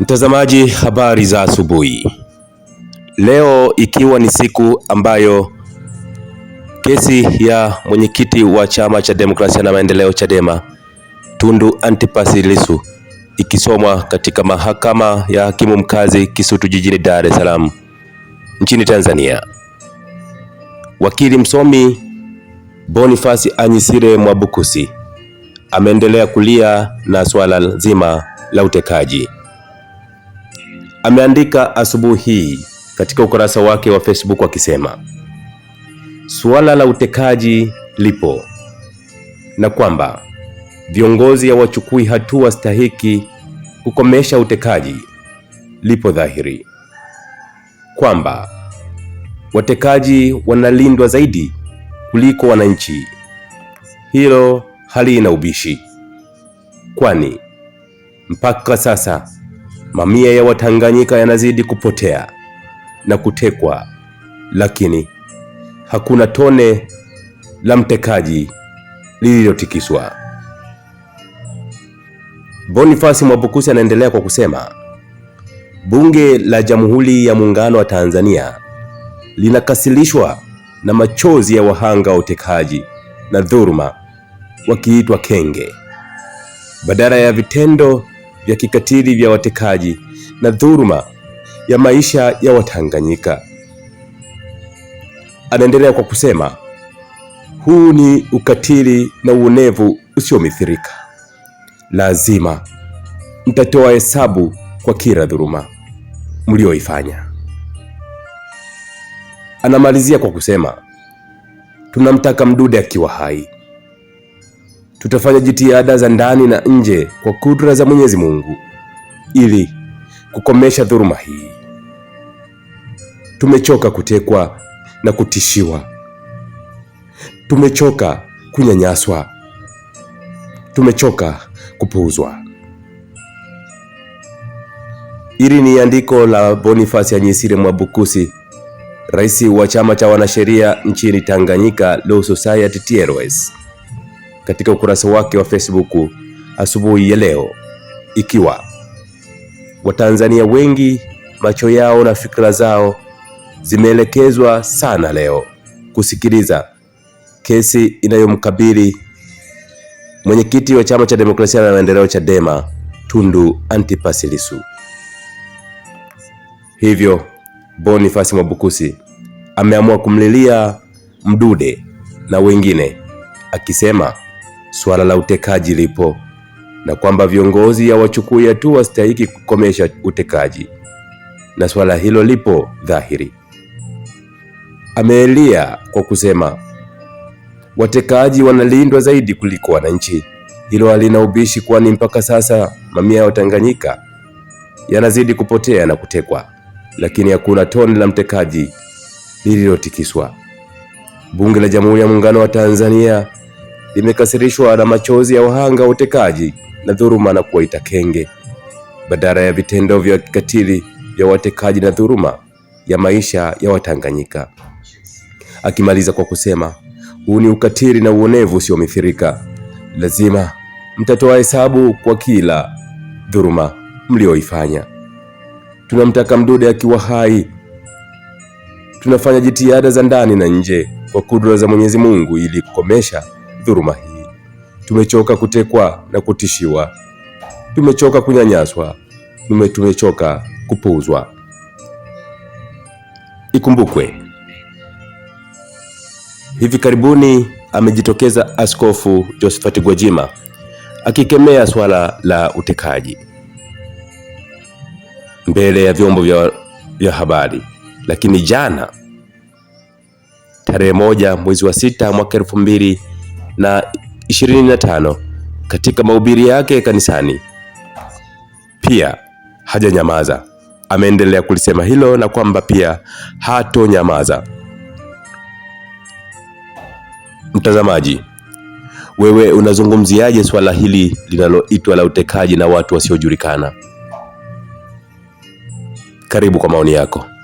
Mtazamaji, habari za asubuhi. Leo ikiwa ni siku ambayo kesi ya mwenyekiti wa chama cha demokrasia na maendeleo Chadema Tundu Antipas Lissu ikisomwa katika mahakama ya hakimu mkazi Kisutu jijini Dar es Salaam nchini Tanzania. Wakili msomi Boniface Anyisire Mwabukusi ameendelea kulia na swala zima la utekaji ameandika asubuhi hii katika ukurasa wake wa Facebook akisema suala la utekaji lipo na kwamba viongozi hawachukui hatua stahiki kukomesha utekaji lipo dhahiri, kwamba watekaji wanalindwa zaidi kuliko wananchi. Hilo halina ubishi, kwani mpaka sasa Mamia ya Watanganyika yanazidi kupotea na kutekwa, lakini hakuna tone la mtekaji lililotikiswa. Bonifasi Mwabukusi anaendelea kwa kusema, Bunge la Jamhuri ya Muungano wa Tanzania linakasilishwa na machozi ya wahanga wa utekaji na dhuruma wakiitwa kenge badala ya vitendo vya kikatili vya watekaji na dhuruma ya maisha ya Watanganyika. Anaendelea kwa kusema, huu ni ukatili na uonevu usiomithirika. Lazima mtatoa hesabu kwa kila dhuruma mlioifanya. Anamalizia kwa kusema tunamtaka Mdude akiwa hai tutafanya jitihada za ndani na nje kwa kudra za Mwenyezi Mungu ili kukomesha dhuluma hii. Tumechoka kutekwa na kutishiwa, tumechoka kunyanyaswa, tumechoka kupuuzwa. Hili ni andiko la Boniface Anyisire Mwabukusi, rais wa chama cha wanasheria nchini Tanganyika Law Society TLS katika ukurasa wake wa Facebook asubuhi ya leo, ikiwa Watanzania wengi macho yao na fikra zao zimeelekezwa sana leo kusikiliza kesi inayomkabili mwenyekiti wa chama cha demokrasia na maendeleo Chadema Tundu Antipas Lissu. Hivyo Boniface Mwabukusi ameamua kumlilia Mdude na wengine akisema suala la utekaji lipo na kwamba viongozi hawachukui hatua stahiki kukomesha utekaji na suala hilo lipo dhahiri. Ameelia kwa kusema watekaji wanalindwa zaidi kuliko wananchi. Hilo halina ubishi, kwani mpaka sasa mamia ya Watanganyika yanazidi kupotea na kutekwa, lakini hakuna tone la mtekaji lililotikiswa. Bunge la Jamhuri ya Muungano wa Tanzania limekasirishwa na machozi ya wahanga wa utekaji na dhuruma na kuwaita kenge, badala ya vitendo vya kikatili vya watekaji na dhuruma ya maisha ya Watanganyika. Akimaliza kwa kusema, huu ni ukatili na uonevu usiomithirika. Lazima mtatoa hesabu kwa kila dhuruma mlioifanya. Tunamtaka Mdude akiwa hai. Tunafanya jitihada za ndani na nje kwa kudura za Mwenyezi Mungu ili kukomesha dhuruma hii. Tumechoka kutekwa na kutishiwa, tumechoka kunyanyaswa, tumechoka kupuuzwa. Ikumbukwe hivi karibuni amejitokeza Askofu Josephat Gwajima akikemea swala la utekaji mbele ya vyombo vya, vya habari. Lakini jana tarehe moja mwezi wa sita mwaka elfu mbili na 25 katika mahubiri yake kanisani. Pia hajanyamaza, ameendelea kulisema hilo na kwamba pia hatonyamaza. Mtazamaji, wewe unazungumziaje swala hili linaloitwa la utekaji na watu wasiojulikana? Karibu kwa maoni yako.